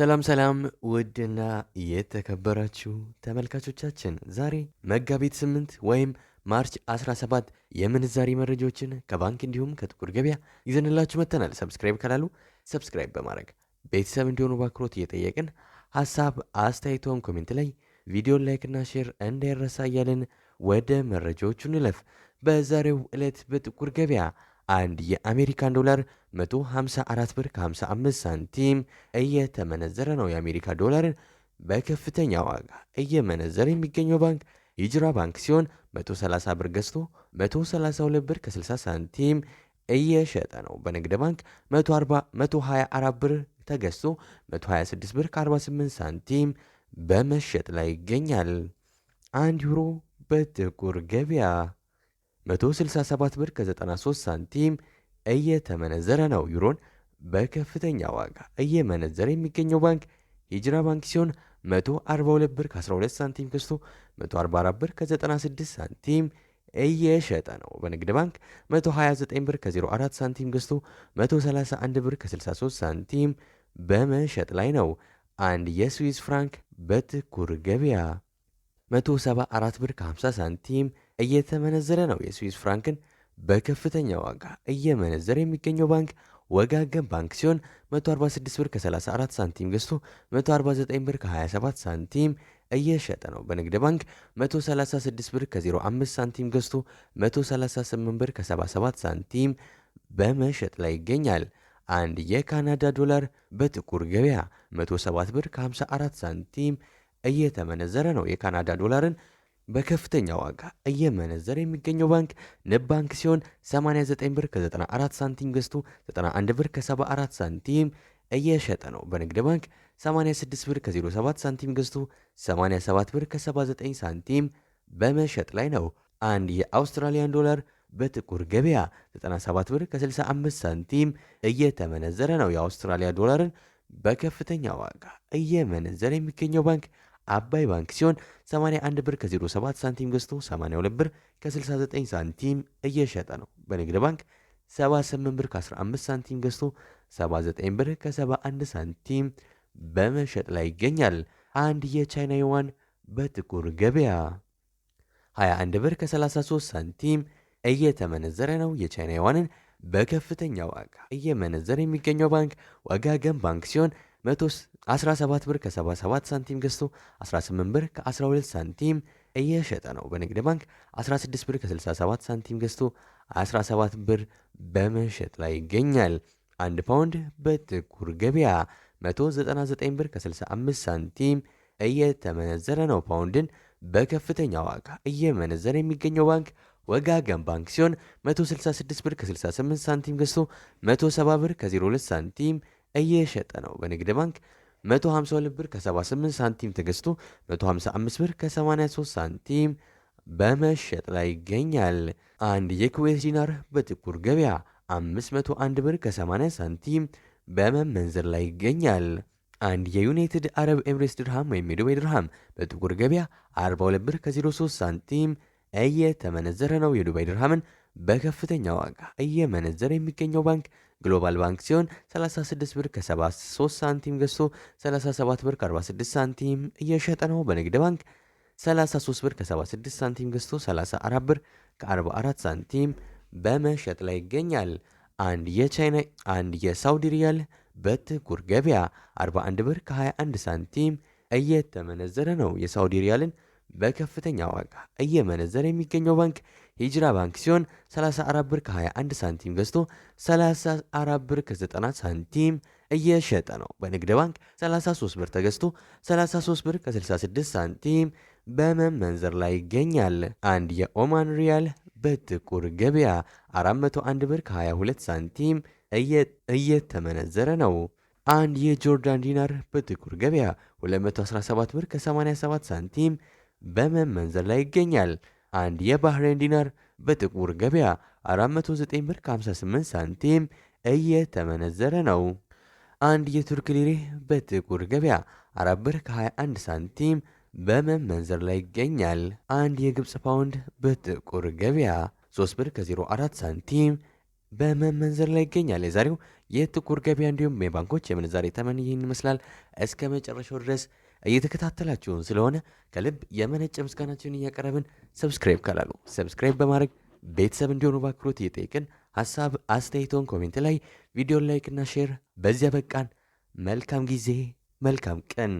ሰላም ሰላም ውድና የተከበራችሁ ተመልካቾቻችን ዛሬ መጋቢት 8 ወይም ማርች 17 የምንዛሬ መረጃዎችን ከባንክ እንዲሁም ከጥቁር ገበያ ይዘንላችሁ መጥተናል። ሰብስክራይብ ካላሉ ሰብስክራይብ በማድረግ ቤተሰብ እንዲሆኑ በአክብሮት እየጠየቅን ሀሳብ አስተያየቶም ኮሜንት ላይ ቪዲዮን ላይክና ሼር እንዳይረሳ እያልን ወደ መረጃዎቹ እንለፍ። በዛሬው ዕለት በጥቁር ገበያ አንድ የአሜሪካን ዶላር 154 ብር ከ55 ሳንቲም እየተመነዘረ ነው። የአሜሪካ ዶላርን በከፍተኛ ዋጋ እየመነዘረ የሚገኘው ባንክ ሂጅራ ባንክ ሲሆን 130 ብር ገዝቶ 132 ብር ከ60 ሳንቲም እየሸጠ ነው። በንግድ ባንክ 124 ብር ተገዝቶ 126 ብር ከ48 ሳንቲም በመሸጥ ላይ ይገኛል። አንድ ዩሮ በጥቁር ገበያ 167 ብር ከ93 ሳንቲም እየተመነዘረ ነው። ዩሮን በከፍተኛ ዋጋ እየመነዘረ የሚገኘው ባንክ ሂጅራ ባንክ ሲሆን 142 ብር ከ12 ሳንቲም ገዝቶ 144 ብር ከ96 ሳንቲም እየሸጠ ነው። በንግድ ባንክ 129 ብር ከ04 ሳንቲም ገዝቶ 131 ብር ከ63 ሳንቲም በመሸጥ ላይ ነው። አንድ የስዊስ ፍራንክ በጥቁር ገበያ 174 ብር ከ50 ሳንቲም እየተመነዘረ ነው። የስዊስ ፍራንክን በከፍተኛ ዋጋ እየመነዘረ የሚገኘው ባንክ ወጋገን ባንክ ሲሆን 146 ብር ከ34 ሳንቲም ገዝቶ 149 ብር ከ27 ሳንቲም እየሸጠ ነው። በንግድ ባንክ 136 ብር ከ05 ሳንቲም ገዝቶ 138 ብር ከ77 ሳንቲም በመሸጥ ላይ ይገኛል። አንድ የካናዳ ዶላር በጥቁር ገበያ 107 ብር ከ54 ሳንቲም እየተመነዘረ ነው። የካናዳ ዶላርን በከፍተኛ ዋጋ እየመነዘረ የሚገኘው ባንክ ንብ ባንክ ሲሆን 89 ብር ከ94 ሳንቲም ገዝቶ 91 ብር ከ74 ሳንቲም እየሸጠ ነው። በንግድ ባንክ 86 ብር ከ07 ሳንቲም ገዝቶ 87 ብር ከ79 ሳንቲም በመሸጥ ላይ ነው። አንድ የአውስትራሊያን ዶላር በጥቁር ገበያ 97 ብር ከ65 ሳንቲም እየተመነዘረ ነው። የአውስትራሊያ ዶላርን በከፍተኛ ዋጋ እየመነዘረ የሚገኘው ባንክ አባይ ባንክ ሲሆን 81 ብር ከ07 ሳንቲም ገዝቶ 82 ብር ከ69 ሳንቲም እየሸጠ ነው። በንግድ ባንክ 78 ብር ከ15 ሳንቲም ገዝቶ 79 ብር ከ71 ሳንቲም በመሸጥ ላይ ይገኛል። አንድ የቻይና ዩዋን በጥቁር ገበያ 21 ብር ከ33 ሳንቲም እየተመነዘረ ነው። የቻይና ዩዋንን በከፍተኛ ዋጋ እየመነዘረ የሚገኘው ባንክ ወጋገን ባንክ ሲሆን 117 ብር ከ77 ሳንቲም ገዝቶ 18 ብር ከ12 ሳንቲም እየሸጠ ነው። በንግድ ባንክ 16 ብር ከ67 ሳንቲም ገዝቶ 17 ብር በመሸጥ ላይ ይገኛል። አንድ ፓውንድ በጥቁር ገበያ 199 ብር ከ65 ሳንቲም እየተመነዘረ ነው። ፓውንድን በከፍተኛ ዋጋ እየመነዘረ የሚገኘው ባንክ ወጋገን ባንክ ሲሆን 166 ብር ከ68 ሳንቲም ገዝቶ 170 ብር ከ02 ሳንቲም እየሸጠ ነው። በንግድ ባንክ 152 ብር ከ78 ሳንቲም ተገዝቶ 155 ብር ከ83 ሳንቲም በመሸጥ ላይ ይገኛል። አንድ የኩዌት ዲናር በጥቁር ገበያ 501 ብር ከ80 ሳንቲም በመመንዘር ላይ ይገኛል። አንድ የዩናይትድ አረብ ኤምሬስ ድርሃም ወይም የዱባይ ድርሃም በጥቁር ገበያ 42 ብር ከ03 ሳንቲም እየተመነዘረ ነው። የዱባይ ድርሃምን በከፍተኛ ዋጋ እየመነዘረ የሚገኘው ባንክ ግሎባል ባንክ ሲሆን 36 ብር ከ73 ሳንቲም ገዝቶ 37 ብር ከ46 ሳንቲም እየሸጠ ነው። በንግድ ባንክ 33 ብር ከ76 ሳንቲም ገዝቶ 34 ብር ከ44 ሳንቲም በመሸጥ ላይ ይገኛል። አንድ የቻይና አንድ የሳውዲ ሪያል በጥቁር ገበያ 41 ብር ከ21 ሳንቲም እየተመነዘረ ነው። የሳውዲ ሪያልን በከፍተኛ ዋጋ እየመነዘረ የሚገኘው ባንክ የሂጅራ ባንክ ሲሆን 34 ብር ከ21 ሳንቲም ገዝቶ 34 ብር ከ90 ሳንቲም እየሸጠ ነው። በንግድ ባንክ 33 ብር ተገዝቶ 33 ብር ከ66 ሳንቲም በመመንዘር ላይ ይገኛል። አንድ የኦማን ሪያል በጥቁር ገበያ 401 ብር ከ22 ሳንቲም እየተመነዘረ ነው። አንድ የጆርዳን ዲናር በጥቁር ገበያ 217 ብር ከ87 ሳንቲም በመመንዘር ላይ ይገኛል። አንድ የባህሬን ዲናር በጥቁር ገበያ 409 ብር 58 ሳንቲም እየተመነዘረ ነው። አንድ የቱርክ ሊሬ በጥቁር ገበያ 4 ብር ከ21 ሳንቲም በመመንዘር ላይ ይገኛል። አንድ የግብፅ ፓውንድ በጥቁር ገበያ 3 ብር ከ04 ሳንቲም በመመንዘር ላይ ይገኛል። የዛሬው የጥቁር ገበያ እንዲሁም የባንኮች የምንዛሬ ተመን ይህን ይመስላል። እስከ መጨረሻው ድረስ እየተከታተላችሁን ስለሆነ ከልብ የመነጨ ምስጋናችንን እያቀረብን ሰብስክራይብ ካላሉ ሰብስክራይብ በማድረግ ቤተሰብ እንዲሆኑ በአክብሮት እየጠየቅን ሀሳብ አስተያየቶን ኮሜንት ላይ ቪዲዮን ላይክና ሼር። በዚያ በቃን። መልካም ጊዜ፣ መልካም ቀን